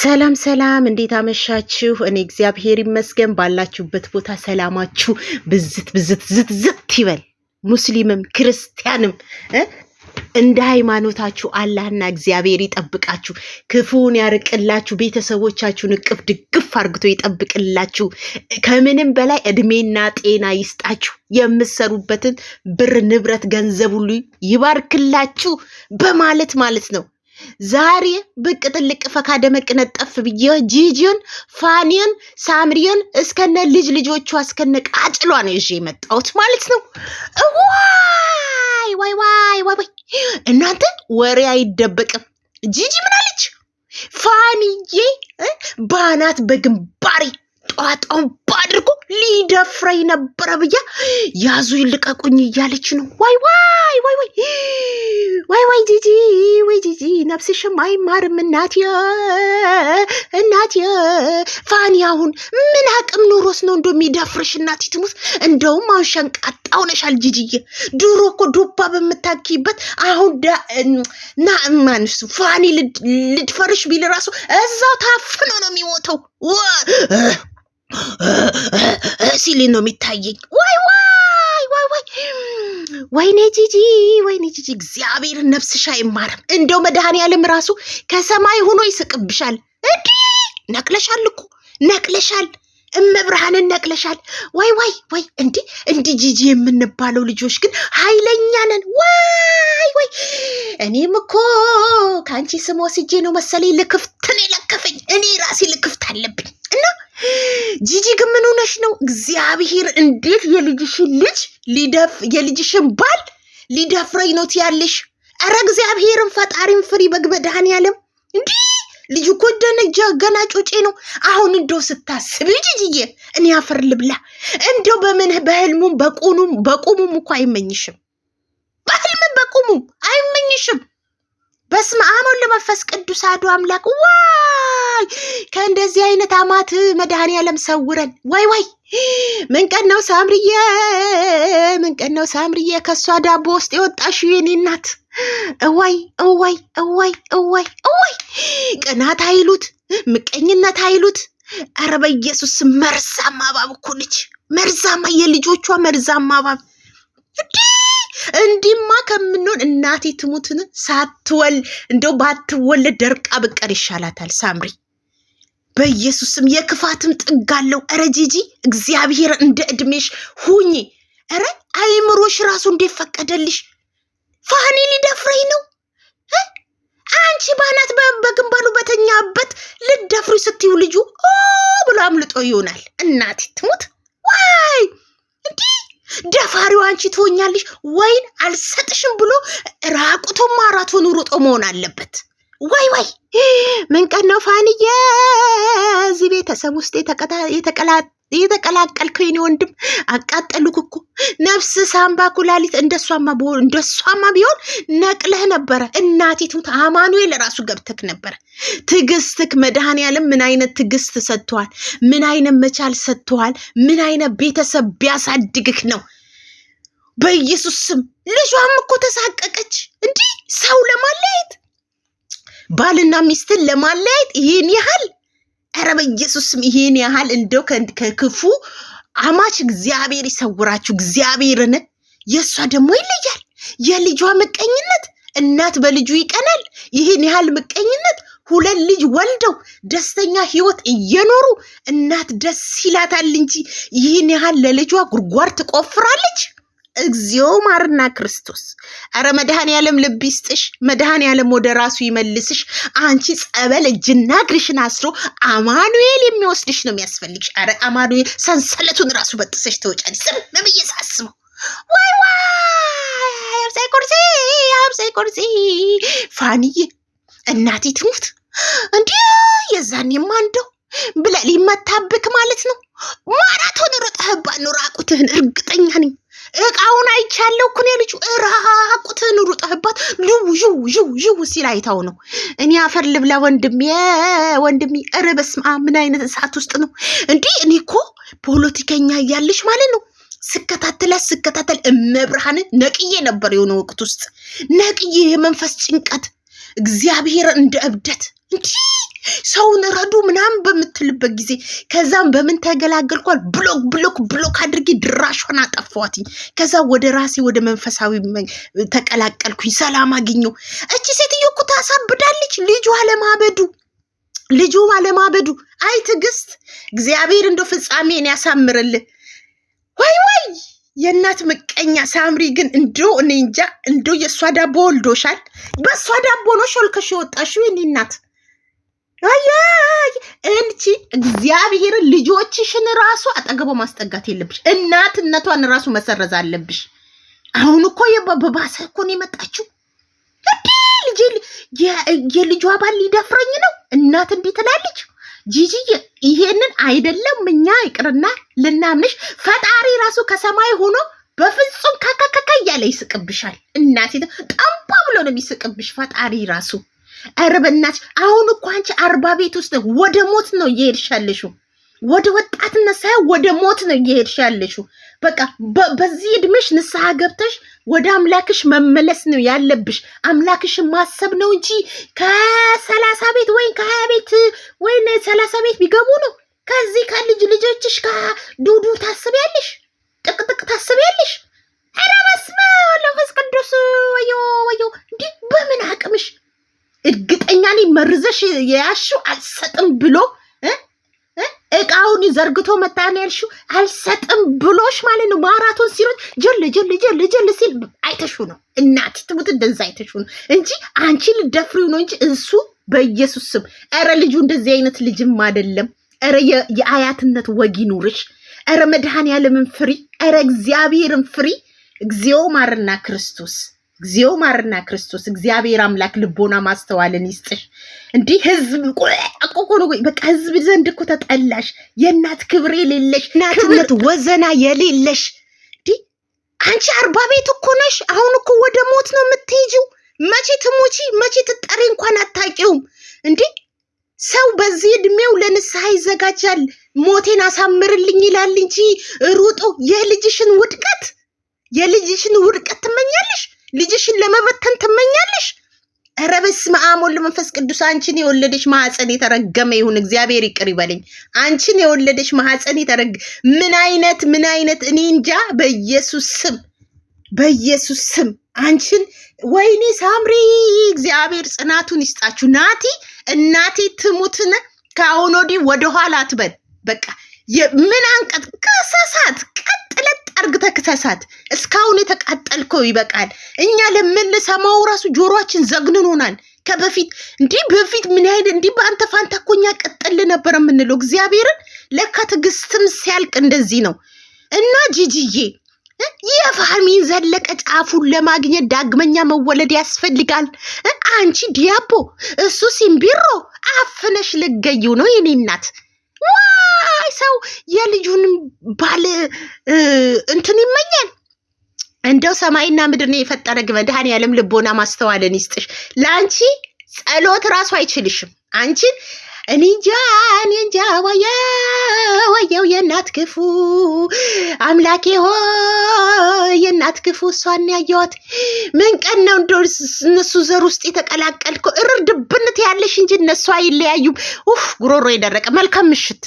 ሰላም ሰላም፣ እንዴት አመሻችሁ? እኔ እግዚአብሔር ይመስገን። ባላችሁበት ቦታ ሰላማችሁ ብዝት ብዝት ዝት ዝት ይበል። ሙስሊምም ክርስቲያንም እንደ ሃይማኖታችሁ አላህና እግዚአብሔር ይጠብቃችሁ፣ ክፉን ያርቅላችሁ፣ ቤተሰቦቻችሁን እቅፍ ድግፍ አርግቶ ይጠብቅላችሁ። ከምንም በላይ እድሜና ጤና ይስጣችሁ። የምትሰሩበትን ብር ንብረት፣ ገንዘብ ሁሉ ይባርክላችሁ በማለት ማለት ነው ዛሬ ብቅ ጥልቅ ፈካ ደመቅ ነጠፍ ብዬ ጂጂን፣ ፋኒን፣ ሳምሪን እስከነ ልጅ ልጆቿ እስከነ ቃጭሏ ነው ይዤ የመጣሁት ማለት ነው። ዋይ ዋይ ዋይ ዋይ! እናንተ ወሬ አይደበቅም። ጂጂ ምን አለች? ፋኒዬ ባናት በግንባሬ ጧጧውን ባድርጎ ሊደፍረኝ ነበረ ብያ ያዙ ይልቀቁኝ እያለች ነው። ዋይ ዋይ ዋይ ዋይ ወይ ወይ ጂጂ ወይ ጂጂ ነፍስሽም አይማርም እናት እናት ፋኒ፣ አሁን ምን አቅም ኑሮስ ነው የሚደፍርሽ እናት ትሙት። እንደውም አሁን ሸንቃጣ ሆነሻል ጂጂዬ። ድሮ እኮ ዱባ በምታኪበት አሁን ና ማንሱ ፋኒ ልድፈርሽ ቢል ራሱ እዛው ታፍኖ ነው የሚሞተው። ሲል ነው የሚታየኝ። ወይ ወይ ወይ ወይ ወይኔ ጂጂ ወይኔ ጂጂ እግዚአብሔር ነፍስሽ አይማርም። እንደው መድኃኔዓለም ራሱ ከሰማይ ሆኖ ይስቅብሻል። እዲ ነቅለሻል እኮ ነቅለሻል እመብርሃንን ነቅለሻል። ወይ ወይ ወይ እንዲህ እንዲህ ጂጂ የምንባለው ልጆች ግን ኃይለኛ ነን። ወይ ወይ እኔም እኮ ከአንቺ ስም ወስጄ ነው መሰለኝ ልክፍትን የለከፈኝ። እኔ ራሴ ልክፍት አለብኝ። እና ጂጂ ግን ምን ሆነሽ ነው? እግዚአብሔር እንዴት የልጅሽን ልጅ ሊደፍ የልጅሽን ባል ሊደፍረኝ ነው ትያለሽ? ኧረ እግዚአብሔርን ፈጣሪን ፍሪ። በግ ያለም እንዲህ ልጅ እኮ ገና ጮጬ ነው። አሁን እንደው ስታስብ ጂጂዬ፣ እኔ አፈር ልብላ። እንደው በምን በህልሙም በቁኑም በቁሙም እኮ አይመኝሽም፣ በህልምም በቁሙም አይመኝሽም። በስመ አብ ወወልድ ወመንፈስ ቅዱስ አሐዱ አምላክ። ዋይ ከእንደዚህ አይነት አማት መድኃኔዓለም ሰውረን። ወይ ወይ ምን ቀን ነው ሳምርዬ፣ ምን ቀን ነው ሳምርዬ ከእሷ ዳቦ ውስጥ የወጣሽ የኔ እናት። እዋይ እዋይ እዋይ እዋይ እዋይ! ቅናት አይሉት ምቀኝነት አይሉት አረበ በኢየሱስ መርዛማ እባብ እኮ ነች። መርዛማ የልጆቿ መርዛማ እባብ እንዴ! እንዲማ ከምንሆን እናቴ ትሙትን ሳትወል እንደው ባትወለድ ደርቃ ብቀር ይሻላታል። ሳምሪ በኢየሱስም የክፋትም ጥግ አለው። እረ ጂጂ እግዚአብሔር እንደ እድሜሽ ሁኚ። ኧረ አይምሮሽ ራሱ እንዴት ፈቀደልሽ? ፋኒ ሊደፍረኝ ነው። አንቺ ባናት በግንባሩ በተኛበት ልደፍሩ ስትዩ ልጁ ብሎ አምልጦ ይሆናል። እናቴ ትሙት ዋይ እንዲህ ደፋሪው አንቺ ትሆኛለሽ ወይን አልሰጥሽም ብሎ ራቁቱን ማራቶን ሮጦ መሆን አለበት። ወይ ወይ ምን ቀን ነው ፋንዬ እዚህ ቤተሰብ ውስጥ የተቀላቀልከኝ? ወንድም አቃጠሉክ እኮ ነፍስ፣ ሳምባ፣ ኩላሊት። እንደሷማ ቢሆን እንደሷማ ቢሆን ነቅለህ ነበረ። እናቴ ትሙት አማኑኤል ራሱ ገብተክ ነበረ። ትዕግስትክ መድኃኔዓለም ምን አይነት ትዕግስት ሰጥተዋል? ምን አይነት መቻል ሰጥተዋል? ምን አይነት ቤተሰብ ቢያሳድግክ ነው? በኢየሱስ ስም ልጇም እኮ ተሳቀቀች። እንዲህ ሰው ለማለየት ባልና ሚስትን ለማለያየት ይህን ያህል ኧረ በኢየሱስም ይህን ያህል እንደው ከክፉ አማች እግዚአብሔር ይሰውራችሁ። እግዚአብሔርን የእሷ ደግሞ ይለያል። የልጇ ምቀኝነት እናት በልጁ ይቀናል። ይህን ያህል ምቀኝነት ሁለት ልጅ ወልደው ደስተኛ ህይወት እየኖሩ እናት ደስ ይላታል እንጂ ይህን ያህል ለልጇ ጉድጓድ ትቆፍራለች። እግዚኦ ማርና ክርስቶስ። አረ መድኃኔ ዓለም ልብ ይስጥሽ፣ መድኃኔ ዓለም ወደ ራሱ ይመልስሽ። አንቺ ጸበል እጅና እግርሽን አስሮ አማኑኤል የሚወስድሽ ነው የሚያስፈልግሽ። አረ አማኑኤል ሰንሰለቱን ራሱ በጥሰሽ ተወጫል። ስም ምምዬ ሳስበው ዋይ ዋይ፣ አብሳይ ቁርሲ፣ አብሳይ ቁርሲ፣ ፋንዬ እናቴ ትሙት እንዲህ የዛኔማ እንደው ብለህ ሊመታብክ ማለት ነው። ማራቶን ሮጠህባት ነው። ራቁትህን እርግጠኛ ነኝ። እቃውን አይቻለሁ እኮ እኔ ልጁ ራቁትን ሩጠህባት ልው ዥው ዥው ዥው ሲል አይታው ነው። እኔ አፈር ልብላ ወንድሜ ወንድሜ፣ ኧረ በስመ አብ ምን አይነት እሳት ውስጥ ነው እንዲህ። እኔ እኮ ፖለቲከኛ እያለሽ ማለት ነው ስከታተላት ስከታተል እመብርሃን ነቅዬ ነበር የሆነ ወቅት ውስጥ ነቅዬ የመንፈስ ጭንቀት እግዚአብሔር እንደ እብደት እንዲህ ሰውን ረዱ ምናምን በምትልበት ጊዜ ከዛም በምን ተገላገልኳል? ብሎክ ብሎክ ብሎክ አድርጌ ድራሿን አጠፋዋትኝ። ከዛ ወደ ራሴ ወደ መንፈሳዊ ተቀላቀልኩኝ፣ ሰላም አግኘ እቺ ሴትዮ እኮ ታሳብዳለች። ልጁ አለማበዱ ልጁ አለማበዱ። አይ ትዕግስት፣ እግዚአብሔር እንደ ፍጻሜን ያሳምርልን። ወይ ወይ የእናት ምቀኛ ሳምሪ ግን እንዶ እኔ እንጃ እንዶ የእሷ ዳቦ ወልዶሻል። በእሷ ዳቦ ነው ሾልከሽ የወጣሽው የኔ እናት። አንቺ እግዚአብሔርን ልጆችሽን ራሱ አጠገቦ ማስጠጋት የለብሽ። እናትነቷን ራሱ መሰረዝ አለብሽ። አሁን እኮ በባሰ እኮ ነው የመጣችው። የልጇ ባል ሊደፍረኝ ነው እናት እንዲህ ትላለች። ጂጂ ይሄንን አይደለም እኛ ይቅርና ልናምንሽ፣ ፈጣሪ ራሱ ከሰማይ ሆኖ በፍጹም ከከከከ እያለ ይስቅብሻል። እናቴ ጠባ ብሎ ነው የሚስቅብሽ ፈጣሪ ራሱ ኧረ አሁን እኮ አንቺ አርባ ቤት ውስጥ ወደ ሞት ነው እየሄድሽ ወደ ወጣትነት ሳይሆን ወደ ሞት ነው እየሄድሽ በቃ በዚህ እድሜሽ ንስሐ ገብተሽ ወደ አምላክሽ መመለስ ነው ያለብሽ። አምላክሽን ማሰብ ነው እንጂ ከሰላሳ ቤት ወይም ከሀያ ቤት ወይም ሰላሳ ቤት ቢገቡ ነው ከዚህ ከልጅ ልጆችሽ ከዱዱ ታስቢያለሽ፣ ጥቅጥቅ ታስቢያለሽ። ኧረ በስመ አብ ወመንፈስ ቅዱስ ወዮ ወዮ! እንዲህ በምን አቅምሽ እርግጠኛ ነኝ መርዘሽ የያሽው አልሰጥም ብሎ እቃውን ዘርግቶ መታ ነው ያልሽው። አልሰጥም ብሎሽ ማለት ነው። ማራቶን ሲሮጥ ጀል ጀል ጀል ጀል ሲል አይተሹ ነው እናት ትሙት እንደዛ አይተሹ ነው እንጂ አንቺ ልደፍሪው ነው እንጂ እሱ በኢየሱስ ስም ኧረ ልጁ እንደዚህ አይነት ልጅም አይደለም። ኧረ የአያትነት ወግ ይኑርሽ። ኧረ መድኃኔዓለምን ፍሪ። ኧረ እግዚአብሔርን ፍሪ። እግዚኦ ማርና ክርስቶስ እግዚኦ ማርና ክርስቶስ እግዚአብሔር አምላክ ልቦና ማስተዋልን ይስጥሽ። እንዲህ ህዝብ ቆቆኖ በቃ ህዝብ ዘንድ እኮ ተጠላሽ፣ የእናት ክብር የሌለሽ፣ እናትነት ወዘና የሌለሽ እንዲህ አንቺ አርባ ቤት እኮ ነሽ። አሁን እኮ ወደ ሞት ነው የምትሄጂው። መቼ ትሞቺ መቼ ትጠሪ እንኳን አታውቂውም። እንዲህ ሰው በዚህ እድሜው ለንስሐ ይዘጋጃል። ሞቴን አሳምርልኝ ይላል እንጂ ሩጦ የልጅሽን ውድቀት የልጅሽን ውድቀት ትመኛለሽ። ልጅሽን ለመበተን ትመኛለሽ? ኧረ በስመ አብ ወወልድ መንፈስ ቅዱስ። አንቺን የወለደሽ ማህፀን የተረገመ ይሁን። እግዚአብሔር ይቅር ይበለኝ። አንቺን የወለደሽ ማህፀን የተረገ ምን አይነት ምን አይነት እኔ እንጃ። በኢየሱስ ስም በኢየሱስ ስም አንቺን ወይኔ ሳምሪ እግዚአብሔር ጽናቱን ይስጣችሁ። ናቲ እናቴ ትሙትን ከአሁን ወዲህ ወደኋላ አትበል። በቃ ምን አንቀጥ ከሰሳት ቀጥለት አርግተ ክሰሳት። እስካሁን የተቃጠልከው ይበቃል። እኛ ለምንሰማው ራሱ ጆሮችን ዘግንኖናል። ከበፊት እንዲህ በፊት ምን ያህል እንዲህ በአንተ ፋንታ እኮ እኛ ቀጠል ነበር የምንለው። እግዚአብሔርን ለካ ትዕግስትም ሲያልቅ እንደዚህ ነው እና ጂጂዬ የፋሚን ዘለቀ ጫፉን ለማግኘት ዳግመኛ መወለድ ያስፈልጋል። አንቺ ዲያቦ፣ እሱ ሲምቢሮ አፍነሽ ልገዩ ነው የኔ እናት። ላይ ሰው የልጁን ባል እንትን ይመኛል። እንደው ሰማይና ምድር ነው የፈጠረ መድኃኔዓለም ልቦና ማስተዋልን ይስጥሽ። ለአንቺ ጸሎት ራሱ አይችልሽም። አንቺን እኔ እንጃ እኔ እንጃ ወየው ወየው የእናት ክፉ አምላኬ ሆ የእናት ክፉ እሷን ያየዋት ምን ቀን ነው እንደ እነሱ ዘር ውስጥ የተቀላቀልከው? እርር ድብንት ያለሽ እንጂ እነሱ አይለያዩም። ኡፍ ጉሮሮ የደረቀ መልካም ምሽት።